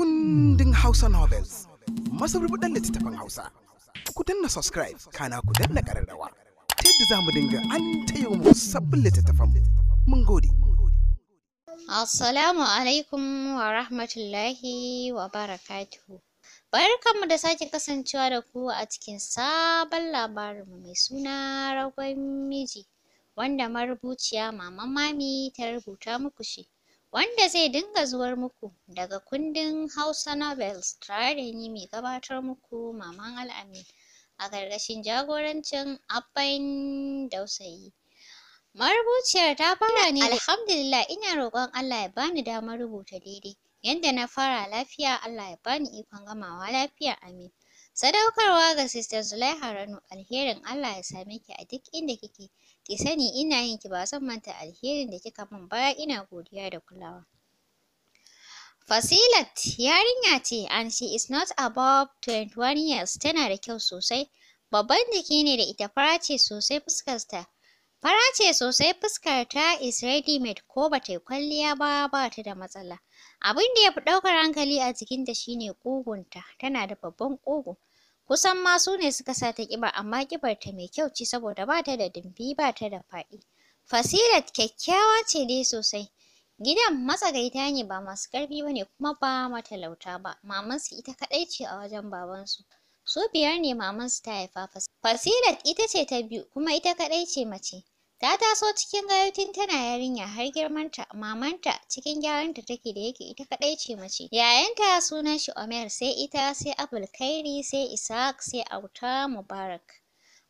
kundin Hausa Novels, Masu Rubutun littattafan Hausa. Ku danna subscribe, kana ku danna ƙararrawa. Ta yadda za mu dinga an tayo mu sabbin littattafan mun gode. Assalamu alaikum wa rahmatullahi wa barakatuhu. Barkanmu da sake kasancewa da ku a cikin sabon labarinmu mai suna ragon miji wanda marubuciya Mama Mami ta rubuta muku shi. wanda zai dinga zuwar muku daga kundin Hausa Novels tare da ni mai gabatar muku Maman Al'amin a gargashin jagorancin Abban Dausayi. Marubuciyar ta fara ne Alhamdulillah ina roƙon Allah ya bani damar rubuta daidai. yadda na fara lafiya Allah ya bani ikon gamawa lafiya amin. Sadaukarwa ga Sister Zulaiha Rano, alherin Allah ya same ki a duk inda kike. Ki sani ina yin ki ba zan manta alherin da kika min baya ina godiya da kulawa. Fasilat yarinya ce and she is not above 21 years, tana da kyau sosai. Babban jiki ne da ita fara ce sosai fuskarta. Fara sosai fuskarta is ready made ko ba ta kwalliya ba ba ta da matsala. Abin da ya fi ɗaukar hankali a jikinta shine ƙugunta, tana da babban ƙugu. kusan ma su ne suka sa ta ƙiba amma ƙibar ta mai kyau ce saboda ba ta da dimbi ba ta da faɗi Fasilat kyakkyawa ce dai sosai gidan matsagaita ne ba masu ƙarfi ba ne kuma ba matalauta ba mamansu ita kaɗai ce a wajen babansu su biyar ne mamansu ta haifa Fasilat ita ce ta biyu kuma ita kaɗai ce mace Ta taso cikin gayo tana yarinya har girmanta, mamanta cikin gyaran ta take da yake ita kaɗai ce mace. Yayanta sunan shi Omer sai ita sai Abulkairi sai Isaac sai Auta Mubarak.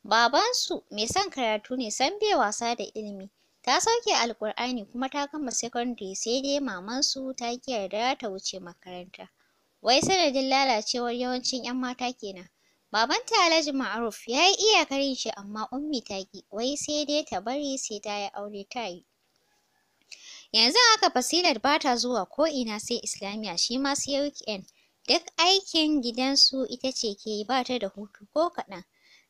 Babansu mai son karatu ne san bai wasa da ilimi. Ta sauke Alƙur'ani kuma ta kama secondary sai dai mamansu ta ƙi yarda ta wuce makaranta. Wai sanadin lalacewar yawancin 'yan mata kenan. Babanta Alhaji Ma'aruf ya yi iyakarin shi amma Ummi ta ki, wai sai dai ta bari sai ta yi aure ta yi. Yanzu haka Fasilat ba ta zuwa ina sai Islamiyya shi ma sai weekend. Duk aikin gidansu ita ce ke ba ta da hutu ko kaɗan.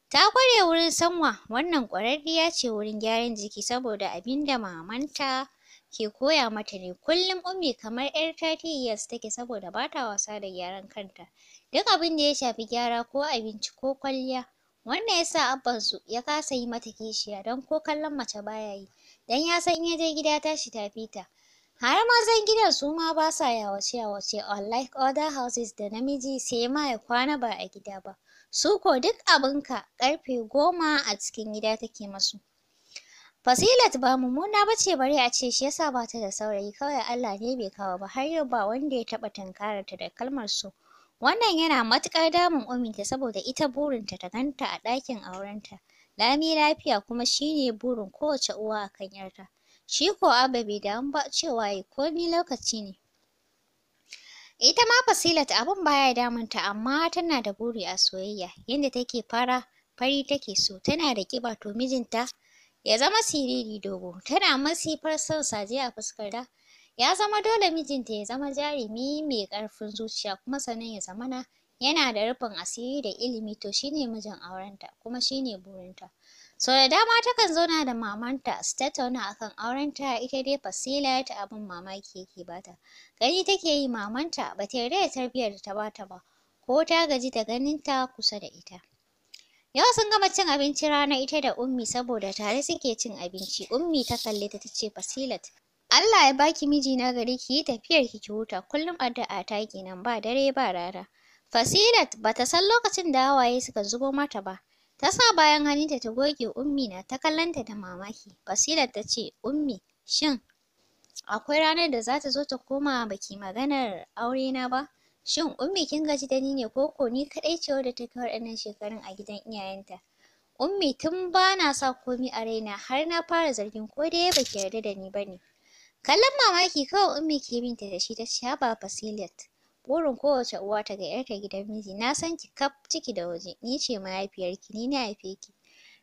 Ta kware wurin sanwa, wannan ƙwararriya ce wurin gyaran jiki saboda abinda mamanta ke koya mata ne kullum ummi kamar yar thirty take saboda ba ta wasa da gyaran kanta duk abin da ya shafi gyara ko abinci ko kwalliya wannan ya sa abbansu ya kasa yi mata kishiya don ko kallon mace baya yi don ya san in ya je gida tashi ta fita har mazan gidan su ma ba sa yawace yawace unlike other houses da namiji sai ma ya kwana ba a gida ba su ko duk abinka Karfe goma a cikin gida take masu Fasilat ba mummuna ba ce bari a ce shi yasa ba ta da saurayi kawai Allah ne bai kawo ba har yau ba wanda ya taɓa tunkarar ta da kalmar su. Wannan yana matuƙar damun Uminta saboda ita burinta ta ganta a ɗakin aurenta. Lami lafiya kuma shi ne burin kowace uwa a kan ‘yarta. Shi ko Abba bai damu ba cewa ya komi lokaci ne. Ita ma Fasilat abin baya ta, amma tana da buri a soyayya. Yadda take fara fari take so, tana da ƙiba to mijinta ya zama siriri dogo tana masifar son saje a fuskarta ya zama dole mijinta ya zama jarumi mai ƙarfin zuciya kuma sannan ya zama na. yana da rufin asiri da ilimi to shine mijin aurenta kuma shine burinta sau da dama takan zauna da mamanta su tattauna akan aurenta ita dai fasila ta abin mamaki yake bata gani take yi mamanta bata yarda da tarbiyyar da ta bata ba ko ta gaji da ganinta kusa da ita Yau sun gama cin abinci rana ita da Ummi saboda tare suke cin abinci. Ummi ta kalle ta tace Fasilat, Allah ya baki miji na gari ki yi tafiyar ki ki huta kullum addu'a ta kenan ba dare ba rana. Fasilat Ba ta san lokacin da hawaye suka zubo mata ba. Ta sa bayan hannunta ta goge Ummi na ta kallanta da mamaki. Fasilat ta ce, Ummi, shin akwai ranar da za ta zo ta koma baki maganar aure na ba? Shin Ummi kin gaji da ni ne ko ko ni kaɗai ce wadda ta fi waɗannan shekarun a gidan iyayenta? Ummi tun bana sa komi a raina har na fara zargin ko dai ba ki yarda da ni ba ne. Kallon mamaki kawai Ummi ke ta da shi ta ce haba fasiliyat Burin kowace uwa ta ga 'yarta gidan miji na san ki kaf ciki da waje ni ce mahaifiyarki ni na haife ki.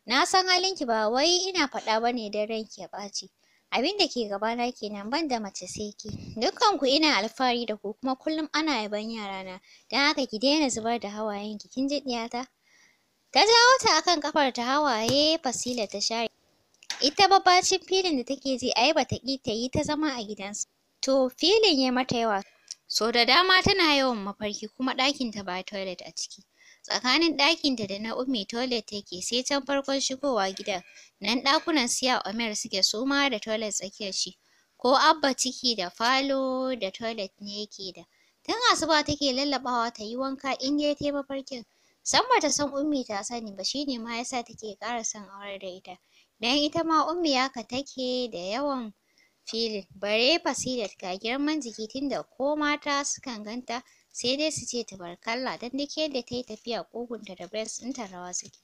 Na san halinki ba wai ina faɗa bane ne don ranki ya ɓaci. abin da ke gabana kenan ban da mace sai ke dukkan ina alfahari da ku kuma kullum ana yaban yarana don haka ki daina zubar da hawayen ki kin ji ɗiyata ta jawo ta akan kafar ta hawaye fasila ta share ita babbacin filin da take ji ai bata ki ta yi ta zama a gidansu to filin ya mata yawa so da dama tana yawan mafarki kuma ɗakin ta ba toilet a ciki Tsakanin ɗakinta da na Ummi toilet take sai can farkon shigowa gidan. Nan ɗakunan siya Omer suke suma da toilet tsakiyar shi. Ko Abba ciki da falo da toilet ne yake da. Tun asuba take lallaɓawa ta yi wanka in dai ta yi mafarkin. San ba ta san Ummi ta sani ba shi ne ma ya sa take ƙara son aure da ita. Don ita ma Ummi haka take da yawan filin. Bare Fasilat ga girman jiki tunda ko mata sukan ganta. sai dai su ce ta tabarkalla don duk yadda ta yi tafiya kogunta da breast ta rawa suke.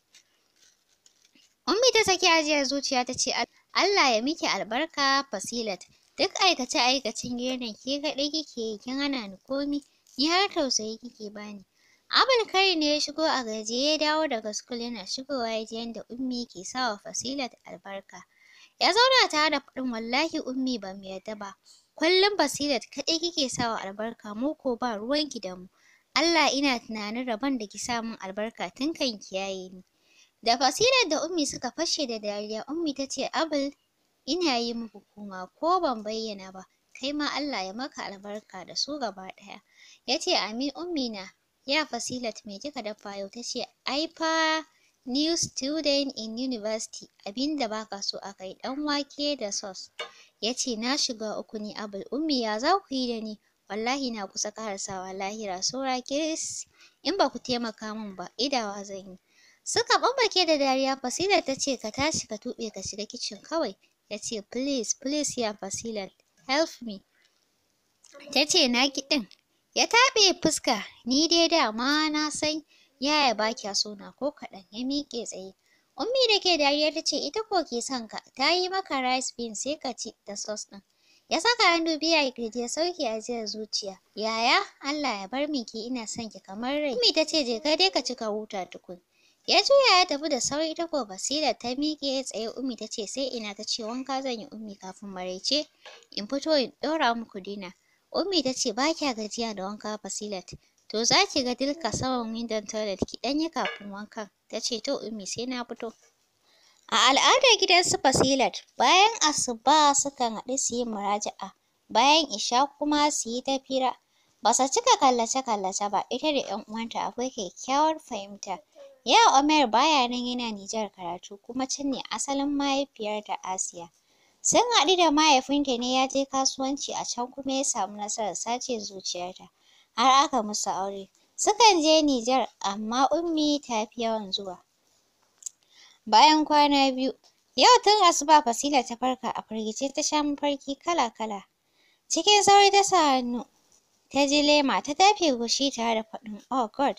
Ummi ta saki ajiyar zuciya ta ce Allah ya miki albarka Fasilat duk aikace-aikacen gidan ke kaɗai kike yi kin hana ni komi ni har tausayi kike bani. Abul Kari ne ya shigo a gaje ya dawo daga sukul yana shigowa ya ji yadda Ummi ke sawa Fasilat albarka. Ya zauna tare da faɗin wallahi Ummi ban yarda ba Kullum Basirat kaɗai kike sawa albarka mu ko ba ruwan da mu. Allah ina tunanin rabon da ki sa min albarka tun kan kiyaye ni. Da Basirat da Ummi suka fashe da dariya Ummi ta ce Abul ina yi muku kuma ko ban bayyana ba kai ma Allah ya maka albarka da su gaba ɗaya. Ya ce amin Ummi na ya Fasilat mai kika dafa yau ta ce ai fa new student in university abinda baka so akai ɗan wake da sauce ya ce na shiga uku ni abul ummi ya za ku yi da ni wallahi na kusa karasawa lahira saura kiris in ba ku taimaka min ba idawa zan yi suka bambake da dariya Fasilar ta ce ka tashi ka tuɓe ka shiga kicin kawai ya ce please please ya fasilar help me ta ce na ɗin ya taɓe fuska ni dai da ma na san yaya ba kya so na ko kaɗan ya miƙe tsaye Ummi da ke dariya ta ce ita ko ke son ka, ta yi maka rice bean sai ka ci da sauce ɗin. Ya saka hannu biya ya kirji ya sauke ajiyar zuciya. Yaya, Allah ya bar min ki ina son ki kamar rai. Ummi ta ce je ka dai ka ci ka huta tukun. Ya juya ya tafi da sauri ta ko basira ta miƙe ya tsaye Ummi ta ce sai ina ta ce wanka zan yi Ummi kafin maraice in fito in ɗora muku dina. Ummi ta ce ba kya gajiya da wanka basilat. To za ki ga dilka saman windon toilet ki ɗanyi kafin wanka, Ta ce to umi sai na fito. A al'adar gidan su Fasilat, bayan asuba sukan haɗu su yi muraja'a, bayan isha kuma su yi ta Ba su cika kallace-kallace ba, ita da 'yan uwanta akwai kyakkyawar fahimta. Yaya Omer baya nan yana Nijar karatu kuma can ne asalin mahaifiyarta Asiya. Sun haɗu da mahaifinta ne ya je kasuwanci a can kuma ya samu nasarar sace zuciyarta. har aka musu aure. Sukan je Nijar amma Ummi ta fi yawan zuwa. Bayan kwana biyu, yau tun asuba Fasila ta farka a firgice ta sha mafarki kala-kala. Cikin sauri ta sa hannu, ta ji lema ta dafe goshi tare da faɗin oh God.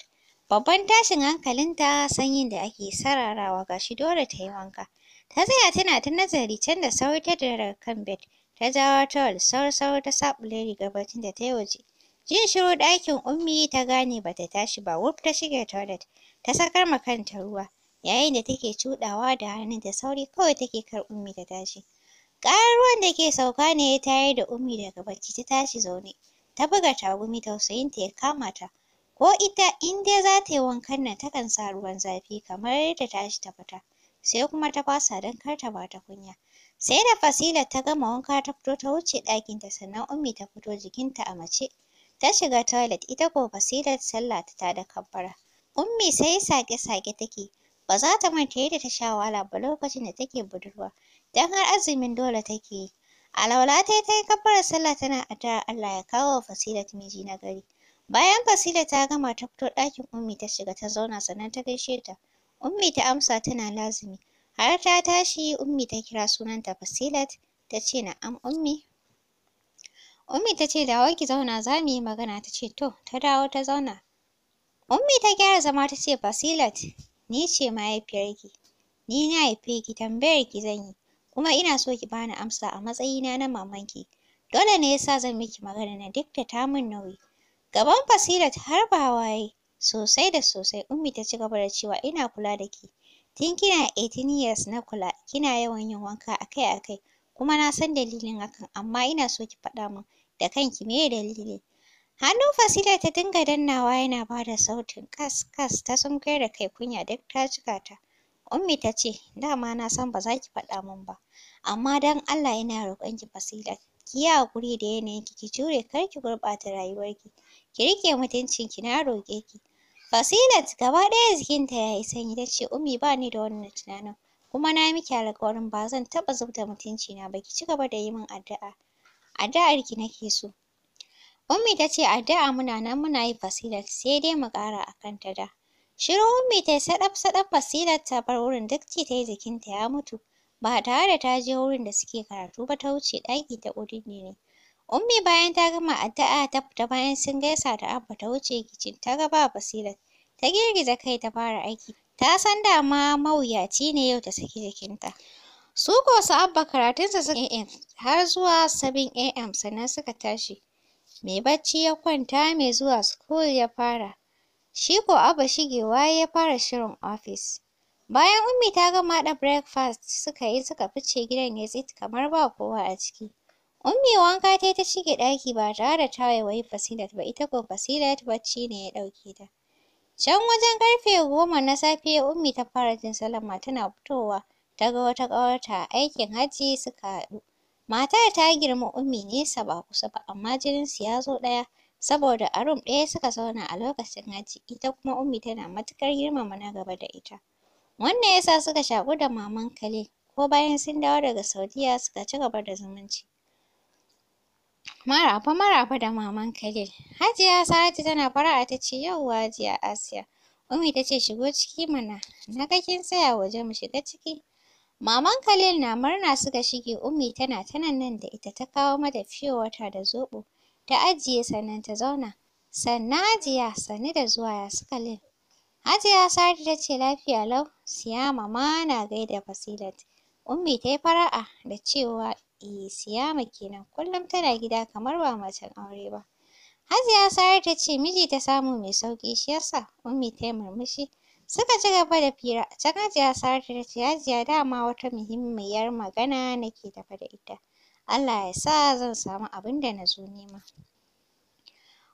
Babban tashin hankalinta sanyin da ake sararawa gashi dole ta yi wanka. Ta tsaya tana ta nazari can da sauri ta dira daga kan bed. Ta jawo towel sauri-sauri ta saɓule rigar baccin da ta yi waje. Jin shiru ɗakin ummi ta gane ba ta tashi ba wuf ta shige toilet ta sakar ma kanta ruwa yayin da take cuɗawa da hannun da sauri kawai take kar ummi ta tashi. Ƙarar ruwan da ke sauka ne ya tayar da ummi daga bacci ta tashi zaune ta buga tagumi ta ya kama ta. Ko ita in dai za ta yi wankan nan takan sa ruwan zafi kamar ta tashi ta fita sai kuma ta fasa don kar ta bata kunya. Sai da Fasila ta gama wanka ta fito ta wuce ɗakinta sannan ummi ta fito jikinta a mace. Ta shiga toilet ita ko Basirat sallah ta tada kabbara. Ummi sai sake-sake take. Ba za ta manta yadda ta sha wahala ba lokacin da take budurwa. Don har azumin dole take yi. Alawala tai ta yi kabbarar sallah tana addu'ar Allah ya kawo wa Basirat miji na gari. Bayan Basira ta gama ta fito ɗakin Ummi ta shiga ta zauna sannan ta gaishe ta. Ummi ta amsa tana lazumi Har ta tashi Ummi ta kira sunanta Basirat ta ce na'am Ummi. Ummi ta ce dawo ki zauna za mu yi magana ta ce to ta dawo ta zauna. Ummi ta gyara zama ta ce Basilat ni ce mahaifiyarki ni na haife ki tambayar ki zan yi kuma ina so ki bani amsa a matsayina na mamanki dole ne yasa zan miki magana na duk da ta min nauyi. Gaban Fasilat har ba waye sosai da sosai Ummi ta ci gaba da cewa ina kula da ki tun kina 18 years na kula kina yawan yin wanka akai-akai kuma na san dalilin hakan amma ina so ki faɗa min da kanki meye dalili hannun Fasila ta dinga dannawa yana bada sautin kas kas ta sunkuyar da kai kunya duk ta cika ta Ummi ta ce dama na san ba za ki faɗa min ba amma don Allah ina roƙonki Fasila ki yi haƙuri da yanayinki ki jure kar ki gurɓata rayuwarki ki riƙe mutuncinki na roƙe ki Fasilat gaba ɗaya jikinta ya yi sanyi ta ce Ummi ba ni da wannan tunanin kuma na yi miki alƙawarin ba zan taɓa zubda mutunci na ba ki ci gaba da yi min addu'a addu'ar ki nake so ummi ta ce addu'a muna nan muna yi fasilat sai dai mu ƙara a kanta da shiru ummi ta yi saɗaf saɗaf fasilat ta bar wurin duk ci ta yi jikinta ya mutu ba tare da ta je wurin da suke karatu ba ta wuce ɗaki ta ƙudinne ne ummi bayan ta gama addu'a ta fita bayan sun gaisa da abba ta wuce kicin ta ga ba basirar. ta girgiza kai ta fara aiki Ta san dama mawuyaci ne yau ta saki jikinta. Su ko su abba karatunsa suka AM har zuwa sabin AM sannan suka tashi. Mai bacci ya kwanta mai zuwa school ya fara. Shi ko abba shigewa ya fara shirin ofis. Bayan Ummi ta gama haɗa breakfast suka yi suka fice gidan ya tsit kamar ba kowa a ciki. Ummi wanka ta yi ta shige ɗaki ba tare da ta waiwayi Fasilat ba ita ko Fasilat bacci ne ya ɗauke ta. Can wajen ƙarfe goma na safe Ummi ta fara jin sallama tana fitowa ta ga wata ƙawarta a aikin hajji suka haɗu. Matar ta girma Ummi nesa ba kusa ba amma jininsu ya zo ɗaya saboda a room ɗaya suka zauna a lokacin hajji ita kuma Ummi tana matuƙar girmama na gaba da ita. Wannan ya sa suka shaku da Maman kale, ko bayan sun dawo daga Saudiyya suka ci gaba da zumunci. Marafa marafa da maman Khalil. Hajiya Saratu tana fara'a ta ce yauwa Hajiya Asiya. Ummi ta ce shigo ciki mana, na ga kin tsaya waje mu shiga ciki. Maman Khalil na murna suka shige Ummi tana ta nan da ita ta kawo mata wata da zoɓo ta ajiye sannan ta zauna. Sannan Hajiya Sani da zuwa ya su Khalil. Hajiya Saratu ta ce lafiya lau, siya ma na gaida Fasilat. Ummi ta yi fara'a da cewa Eh, Siyama kenan. Kullum tana gida kamar ba macen aure ba. Hajiya Sarar ta ce miji ta samu mai sauƙi shi yasa Ummi ta yi murmushi. Suka ci gaba da fira. Can Hajiya Sarar ta ce Hajiya dama wata muhimmiyar magana nake tafe da ita. Allah ya sa zan samu abin da na zo nema.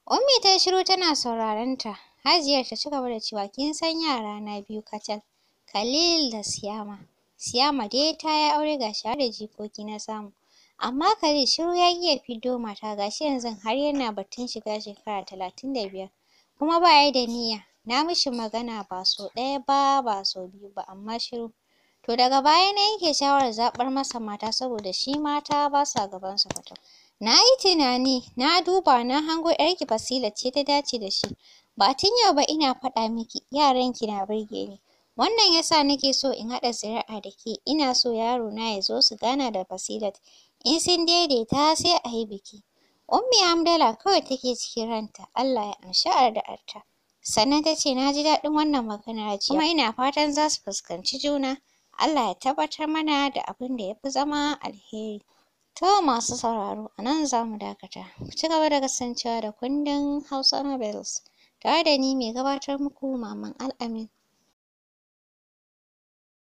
Ummi ta yi shiru tana sauraron ta. Hajiyar ta ci gaba da cewa kin san yara na biyu kacal, Khalil da Siyama. Siyama dai ta yi aure ga shi har da jikoki na samu. Amma Khalid shiru ya iya fiddo mata ga shi yanzu har yana batun shiga shekara talatin da biyar. Kuma ba ya da niyya. Na mishi magana ba sau ɗaya ba ba sau biyu ba amma shiru. To daga baya na yanke shawarar zaɓar masa mata saboda shi mata ba sa gabansa kwata. Na yi tunani, na duba, na hango ƴarki Basila ce ta dace da shi. Ba tun yau ba ina faɗa miki, yaranki na birge ni. Wannan ya sa nake so in haɗa zuri'a da ke, ina so yaro na ya zo su gana da Basirat, in sun daidaita sai a yi biki. Ummi Hamdala kawai take cikin ranta, Allah ya amshi addu'arta. Sannan ta ce na ji daɗin wannan maganar jiya, kuma ina fatan za su fuskanci juna. Allah ya tabbatar mana da abin da ya fi zama alheri. To masu sauraro, a nan za mu dakata. Ku ci gaba da kasancewa da kundin Hausa Novels, tare da ni mai gabatar muku Maman Al'amin.